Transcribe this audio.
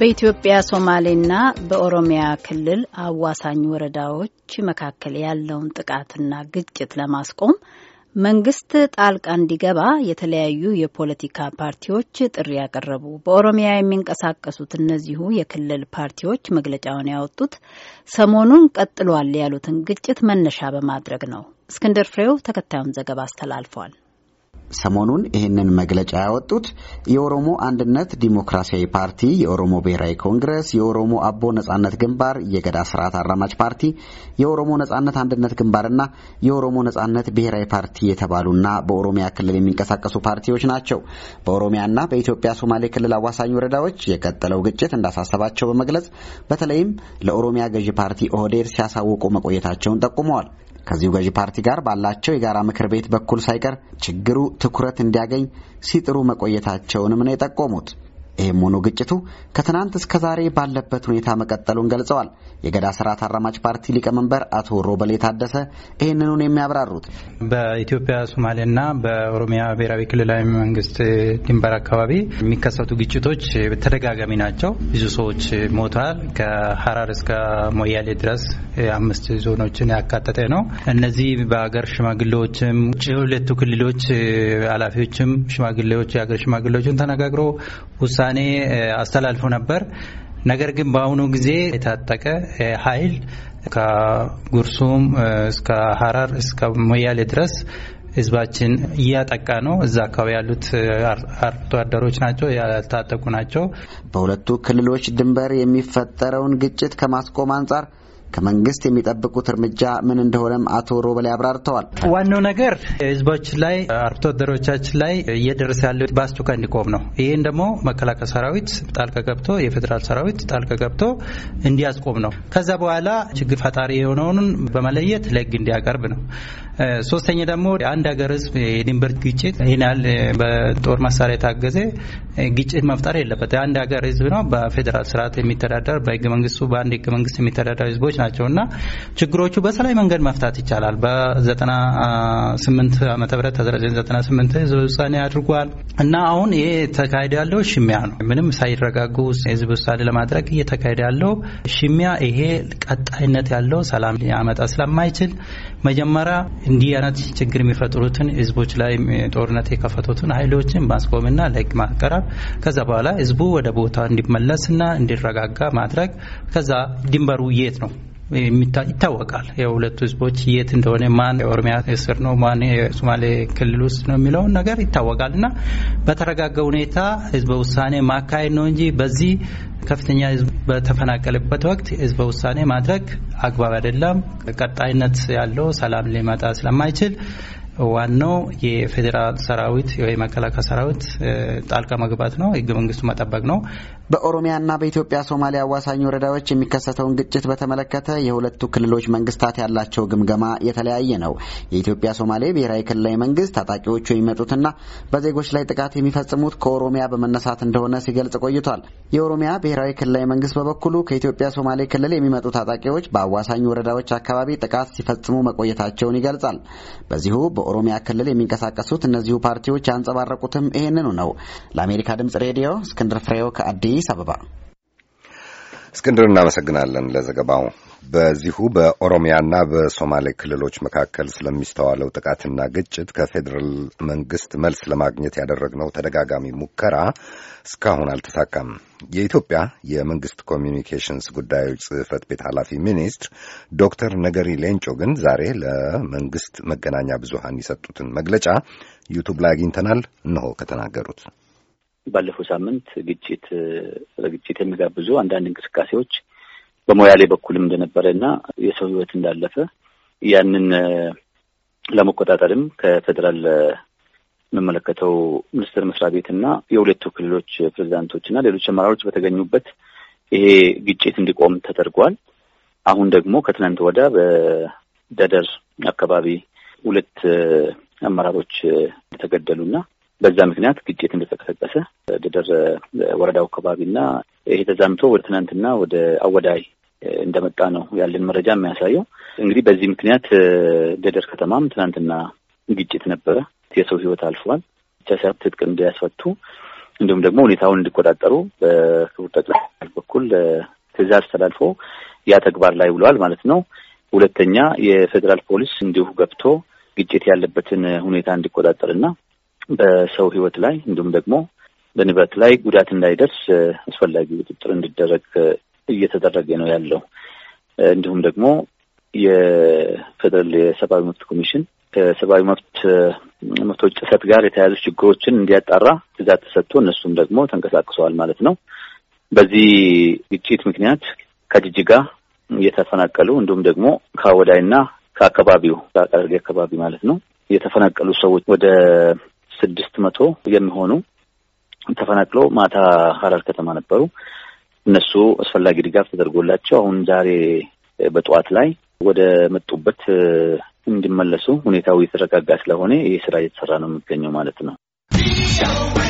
በኢትዮጵያ ሶማሌና በኦሮሚያ ክልል አዋሳኝ ወረዳዎች መካከል ያለውን ጥቃትና ግጭት ለማስቆም መንግስት ጣልቃ እንዲገባ የተለያዩ የፖለቲካ ፓርቲዎች ጥሪ ያቀረቡ። በኦሮሚያ የሚንቀሳቀሱት እነዚሁ የክልል ፓርቲዎች መግለጫውን ያወጡት ሰሞኑን ቀጥሏል ያሉትን ግጭት መነሻ በማድረግ ነው። እስክንድር ፍሬው ተከታዩን ዘገባ አስተላልፏል። ሰሞኑን ይህንን መግለጫ ያወጡት የኦሮሞ አንድነት ዲሞክራሲያዊ ፓርቲ፣ የኦሮሞ ብሔራዊ ኮንግረስ፣ የኦሮሞ አቦ ነጻነት ግንባር፣ የገዳ ስርዓት አራማጅ ፓርቲ፣ የኦሮሞ ነጻነት አንድነት ግንባርና የኦሮሞ ነጻነት ብሔራዊ ፓርቲ የተባሉና በኦሮሚያ ክልል የሚንቀሳቀሱ ፓርቲዎች ናቸው። በኦሮሚያና በኢትዮጵያ ሶማሌ ክልል አዋሳኝ ወረዳዎች የቀጠለው ግጭት እንዳሳሰባቸው በመግለጽ በተለይም ለኦሮሚያ ገዢ ፓርቲ ኦህዴድ ሲያሳውቁ መቆየታቸውን ጠቁመዋል። ከዚሁ ገዢ ፓርቲ ጋር ባላቸው የጋራ ምክር ቤት በኩል ሳይቀር ችግሩ ትኩረት እንዲያገኝ ሲጥሩ መቆየታቸውንም ነው የጠቆሙት። ይህም ሆኖ ግጭቱ ከትናንት እስከ ዛሬ ባለበት ሁኔታ መቀጠሉን ገልጸዋል። የገዳ ስርዓት አራማጅ ፓርቲ ሊቀመንበር አቶ ሮበሌ ታደሰ ይህንኑን የሚያብራሩት በኢትዮጵያ ሶማሌና በኦሮሚያ ብሔራዊ ክልላዊ መንግስት ድንበር አካባቢ የሚከሰቱ ግጭቶች ተደጋጋሚ ናቸው። ብዙ ሰዎች ሞተዋል። ከሀራር እስከ ሞያሌ ድረስ አምስት ዞኖችን ያካተተ ነው። እነዚህ በሀገር ሽማግሌዎችም የሁለቱ ክልሎች ኃላፊዎችም ሽማግሌዎች የሀገር ሽማግሌዎችን ተነጋግሮ ውሳ ውሳኔ አስተላልፎ ነበር። ነገር ግን በአሁኑ ጊዜ የታጠቀ ኃይል ከጉርሱም እስከ ሀራር እስከ ሞያሌ ድረስ ህዝባችን እያጠቃ ነው። እዛ አካባቢ ያሉት አርብቶ አደሮች ናቸው፣ ያልታጠቁ ናቸው። በሁለቱ ክልሎች ድንበር የሚፈጠረውን ግጭት ከማስቆም አንጻር ከመንግስት የሚጠብቁት እርምጃ ምን እንደሆነም አቶ ሮበላይ አብራርተዋል። ዋናው ነገር ህዝቦች ላይ አርብቶ አደሮቻችን ላይ እየደረሰ ያለው በአስቸኳይ እንዲቆም ነው። ይህን ደግሞ መከላከያ ሰራዊት ጣልቀ ገብቶ የፌዴራል ሰራዊት ጣልቀ ገብቶ እንዲያስቆም ነው። ከዛ በኋላ ችግር ፈጣሪ የሆነውን በመለየት ለህግ እንዲያቀርብ ነው። ሶስተኛ ደግሞ አንድ ሀገር ህዝብ የድንበር ግጭት ይናል በጦር መሳሪያ የታገዘ ግጭት መፍጠር የለበት። አንድ ሀገር ህዝብ ነው በፌዴራል ስርዓት የሚተዳደር በህገ መንግስቱ በአንድ ህገ መንግስት የሚተዳደር ህዝቦች ናቸው እና ችግሮቹ በሰላይ መንገድ መፍታት ይቻላል። በ98 ዓመተ ምህረት 1998 ህዝብ ውሳኔ አድርጓል እና አሁን ይሄ ተካሄደ ያለው ሽሚያ ነው። ምንም ሳይረጋጉ ህዝብ ውሳኔ ለማድረግ እየተካሄደ ያለው ሽሚያ፣ ይሄ ቀጣይነት ያለው ሰላም ሊያመጣ ስለማይችል መጀመሪያ እንዲህ አይነት ችግር የሚፈጥሩትን ህዝቦች ላይ ጦርነት የከፈቱትን ኃይሎችን ማስቆምና ለህግ ማቀረብ ከዛ በኋላ ህዝቡ ወደ ቦታ እንዲመለስና እንዲረጋጋ ማድረግ ከዛ ድንበሩ የት ነው ይታወቃል። የሁለቱ ህዝቦች የት እንደሆነ ማን የኦሮሚያ ስር ነው ማን የሶማሌ ክልል ውስጥ ነው የሚለውን ነገር ይታወቃል እና በተረጋጋ ሁኔታ ህዝበ ውሳኔ ማካሄድ ነው እንጂ በዚህ ከፍተኛ ህዝብ በተፈናቀለበት ወቅት ህዝበ ውሳኔ ማድረግ አግባብ አይደለም። ቀጣይነት ያለው ሰላም ሊመጣ ስለማይችል ዋናው የፌዴራል ሰራዊት የመከላከያ ሰራዊት ጣልቃ መግባት ነው፣ ህገ መንግስቱ መጠበቅ ነው። በኦሮሚያና በኢትዮጵያ ሶማሌ አዋሳኝ ወረዳዎች የሚከሰተውን ግጭት በተመለከተ የሁለቱ ክልሎች መንግስታት ያላቸው ግምገማ የተለያየ ነው። የኢትዮጵያ ሶማሌ ብሔራዊ ክልላዊ መንግስት ታጣቂዎቹ የሚመጡትና በዜጎች ላይ ጥቃት የሚፈጽሙት ከኦሮሚያ በመነሳት እንደሆነ ሲገልጽ ቆይቷል። የኦሮሚያ ብሔራዊ ክልላዊ መንግስት በበኩሉ ከኢትዮጵያ ሶማሌ ክልል የሚመጡ ታጣቂዎች በአዋሳኝ ወረዳዎች አካባቢ ጥቃት ሲፈጽሙ መቆየታቸውን ይገልጻል። በዚሁ በኦሮሚያ ክልል የሚንቀሳቀሱት እነዚሁ ፓርቲዎች ያንጸባረቁትም ይህንኑ ነው። ለአሜሪካ ድምጽ ሬዲዮ እስክንድር ፍሬው ከአዲስ አበባ። እስክንድር እናመሰግናለን ለዘገባው። በዚሁ በኦሮሚያና በሶማሌ ክልሎች መካከል ስለሚስተዋለው ጥቃትና ግጭት ከፌዴራል መንግስት መልስ ለማግኘት ያደረግነው ተደጋጋሚ ሙከራ እስካሁን አልተሳካም። የኢትዮጵያ የመንግስት ኮሚዩኒኬሽንስ ጉዳዮች ጽህፈት ቤት ኃላፊ ሚኒስትር ዶክተር ነገሪ ሌንጮ ግን ዛሬ ለመንግስት መገናኛ ብዙሃን የሰጡትን መግለጫ ዩቱብ ላይ አግኝተናል። እነሆ ከተናገሩት ባለፈው ሳምንት ግጭት ለግጭት የሚጋብዙ አንዳንድ እንቅስቃሴዎች በሞያሌ በኩልም እንደነበረ እና የሰው ህይወት እንዳለፈ ያንን ለመቆጣጠርም ከፌዴራል የሚመለከተው ሚኒስትር መስሪያ ቤት እና የሁለቱ ክልሎች ፕሬዚዳንቶች እና ሌሎች አመራሮች በተገኙበት ይሄ ግጭት እንዲቆም ተደርጓል። አሁን ደግሞ ከትናንት ወዳ በደደር አካባቢ ሁለት አመራሮች ተገደሉ እና በዛ ምክንያት ግጭት እንደተቀሰቀሰ ደደር ወረዳው አካባቢ እና ይሄ ተዛምቶ ወደ ትናንትና ወደ አወዳይ እንደመጣ ነው ያለን መረጃ የሚያሳየው። እንግዲህ በዚህ ምክንያት ደደር ከተማም ትናንትና ግጭት ነበረ። የሰው ህይወት አልፏል ብቻ ሳይሆን ትጥቅ እንዲያስፈቱ እንዲሁም ደግሞ ሁኔታውን እንዲቆጣጠሩ በክቡር ጠቅላይ በኩል ትዕዛዝ ተላልፎ ያ ተግባር ላይ ውለዋል ማለት ነው። ሁለተኛ የፌዴራል ፖሊስ እንዲሁ ገብቶ ግጭት ያለበትን ሁኔታ እንዲቆጣጠርና በሰው ህይወት ላይ እንዲሁም ደግሞ በንብረት ላይ ጉዳት እንዳይደርስ አስፈላጊ ቁጥጥር እንዲደረግ እየተደረገ ነው ያለው። እንዲሁም ደግሞ የፌደራል የሰብአዊ መብት ኮሚሽን ከሰብአዊ መብት መብቶች ጥሰት ጋር የተያያዙ ችግሮችን እንዲያጣራ ትእዛዝ ተሰጥቶ እነሱም ደግሞ ተንቀሳቅሰዋል ማለት ነው። በዚህ ግጭት ምክንያት ከጅጅጋ እየተፈናቀሉ እንዲሁም ደግሞ ከወዳይና ከአካባቢው ከአቃቂ አካባቢ ማለት ነው የተፈናቀሉ ሰዎች ወደ ስድስት መቶ የሚሆኑ ተፈናቅለው ማታ ሀረር ከተማ ነበሩ። እነሱ አስፈላጊ ድጋፍ ተደርጎላቸው አሁን ዛሬ በጠዋት ላይ ወደ መጡበት እንዲመለሱ ሁኔታው የተረጋጋ ስለሆነ ይህ ስራ እየተሰራ ነው የሚገኘው ማለት ነው።